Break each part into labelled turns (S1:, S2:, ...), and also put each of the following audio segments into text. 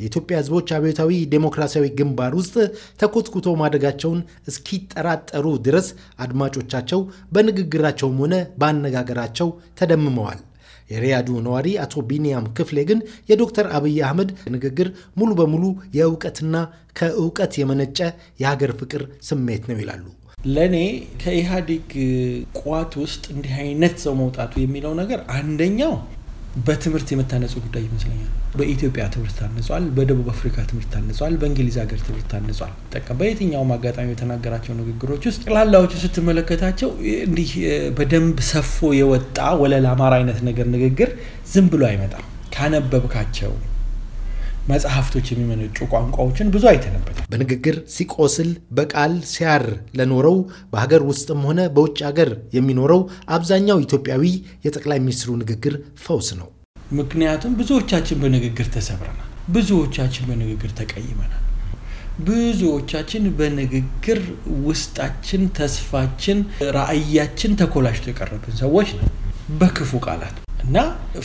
S1: የኢትዮጵያ ህዝቦች አብዮታዊ ዴሞክራሲያዊ ግንባር ውስጥ ተኮትኩቶ ማደጋቸውን እስኪጠራጠሩ ድረስ አድማጮቻቸው በንግግራቸውም ሆነ በአነጋገራቸው ተደምመዋል። የሪያዱ ነዋሪ አቶ ቢንያም ክፍሌ ግን የዶክተር አብይ አህመድ ንግግር ሙሉ በሙሉ የእውቀትና ከእውቀት የመነጨ የሀገር ፍቅር ስሜት ነው
S2: ይላሉ። ለእኔ ከኢህአዴግ ቋት ውስጥ እንዲህ አይነት ሰው መውጣቱ የሚለው ነገር አንደኛው በትምህርት የመታነጹ ጉዳይ ይመስለኛል። በኢትዮጵያ ትምህርት ታነጿል በደቡብ አፍሪካ ትምህርት ታነጿል በእንግሊዝ ሀገር ትምህርት ታነጿል ጠቀም በየትኛውም አጋጣሚ የተናገራቸው ንግግሮች ውስጥ ጠቅላላዎቹ ስትመለከታቸው እንዲህ በደንብ ሰፎ የወጣ ወለል አማራ አይነት ነገር ንግግር ዝም ብሎ አይመጣም። ካነበብካቸው መጽሐፍቶች የሚመነጩ ቋንቋዎችን ብዙ አይተንበት። በንግግር ሲቆስል በቃል ሲያር
S1: ለኖረው በሀገር ውስጥም ሆነ በውጭ ሀገር የሚኖረው አብዛኛው ኢትዮጵያዊ የጠቅላይ
S2: ሚኒስትሩ ንግግር ፈውስ ነው። ምክንያቱም ብዙዎቻችን በንግግር ተሰብረናል። ብዙዎቻችን በንግግር ተቀይመናል። ብዙዎቻችን በንግግር ውስጣችን፣ ተስፋችን፣ ራዕያችን ተኮላሽቶ የቀረብን ሰዎች ነው በክፉ ቃላት እና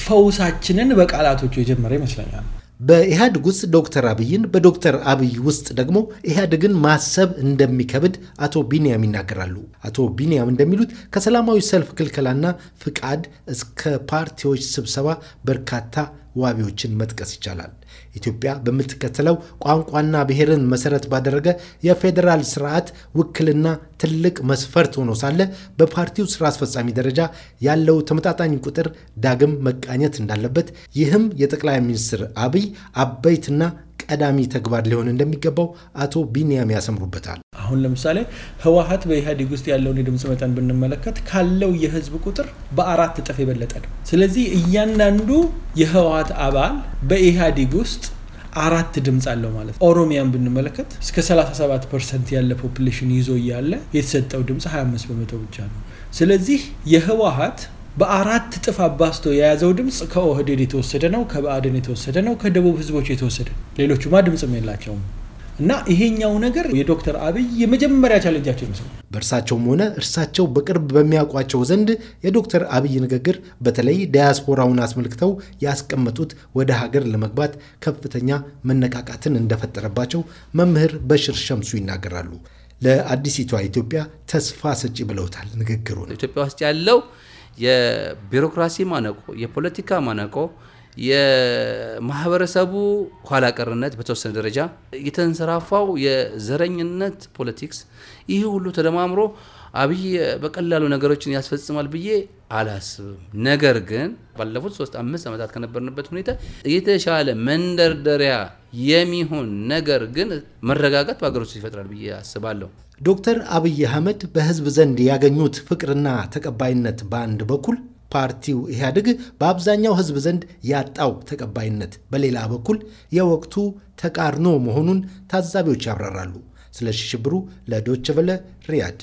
S2: ፈውሳችንን በቃላቶቹ የጀመረ ይመስለኛል። በኢህአዴግ ውስጥ
S1: ዶክተር አብይን በዶክተር አብይ ውስጥ ደግሞ ኢህአዴግን ማሰብ እንደሚከብድ አቶ ቢንያም ይናገራሉ። አቶ ቢንያም እንደሚሉት ከሰላማዊ ሰልፍ ክልከላና ፍቃድ እስከ ፓርቲዎች ስብሰባ በርካታ ዋቢዎችን መጥቀስ ይቻላል። ኢትዮጵያ በምትከተለው ቋንቋና ብሔርን መሰረት ባደረገ የፌዴራል ስርዓት ውክልና ትልቅ መስፈርት ሆኖ ሳለ በፓርቲው ስራ አስፈጻሚ ደረጃ ያለው ተመጣጣኝ ቁጥር ዳግም መቃኘት እንዳለበት ይህም የጠቅላይ ሚኒስትር አብይ አበይትና
S2: ቀዳሚ ተግባር ሊሆን እንደሚገባው አቶ ቢንያም ያሰምሩበታል። አሁን ለምሳሌ ህወሀት በኢህአዴግ ውስጥ ያለውን የድምፅ መጠን ብንመለከት ካለው የህዝብ ቁጥር በአራት እጥፍ የበለጠ ነው። ስለዚህ እያንዳንዱ የህወሀት አባል በኢህአዴግ ውስጥ አራት ድምፅ አለው ማለት ነው። ኦሮሚያን ብንመለከት እስከ 37 ፐርሰንት ያለ ፖፕሌሽን ይዞ እያለ የተሰጠው ድምፅ 25 በመቶ ብቻ ነው። ስለዚህ የህወሀት በአራት እጥፍ አባስቶ የያዘው ድምፅ ከኦህዴድ የተወሰደ ነው፣ ከብአዴን የተወሰደ ነው፣ ከደቡብ ህዝቦች የተወሰደ ሌሎቹማ ድምፅም የላቸውም። እና ይሄኛው ነገር የዶክተር አብይ የመጀመሪያ ቻለንጃቸው
S1: ይመስላል። በእርሳቸውም ሆነ እርሳቸው በቅርብ በሚያውቋቸው ዘንድ የዶክተር አብይ ንግግር በተለይ ዳያስፖራውን አስመልክተው ያስቀመጡት ወደ ሀገር ለመግባት ከፍተኛ መነቃቃትን እንደፈጠረባቸው መምህር በሽር ሸምሱ ይናገራሉ። ለአዲሲቷ ኢትዮጵያ ተስፋ ሰጪ ብለውታል
S3: ንግግሩን። ኢትዮጵያ ውስጥ ያለው የቢሮክራሲ ማነቆ፣ የፖለቲካ ማነቆ፣ የማህበረሰቡ ኋላቀርነት በተወሰነ ደረጃ የተንሰራፋው የዘረኝነት ፖለቲክስ፣ ይህ ሁሉ ተደማምሮ አብይ በቀላሉ ነገሮችን ያስፈጽማል ብዬ አላስብም። ነገር ግን ባለፉት ሶስት አምስት ዓመታት ከነበርንበት ሁኔታ የተሻለ መንደርደሪያ የሚሆን ነገር ግን መረጋጋት በሀገር ውስጥ ይፈጥራል ብዬ አስባለሁ። ዶክተር
S1: አብይ አህመድ በህዝብ ዘንድ ያገኙት ፍቅርና ተቀባይነት በአንድ በኩል ፓርቲው ኢህአዴግ በአብዛኛው ህዝብ ዘንድ ያጣው ተቀባይነት በሌላ በኩል የወቅቱ ተቃርኖ መሆኑን ታዛቢዎች ያብራራሉ። ስለሺ ሽብሩ ለዶቸ ሪያድ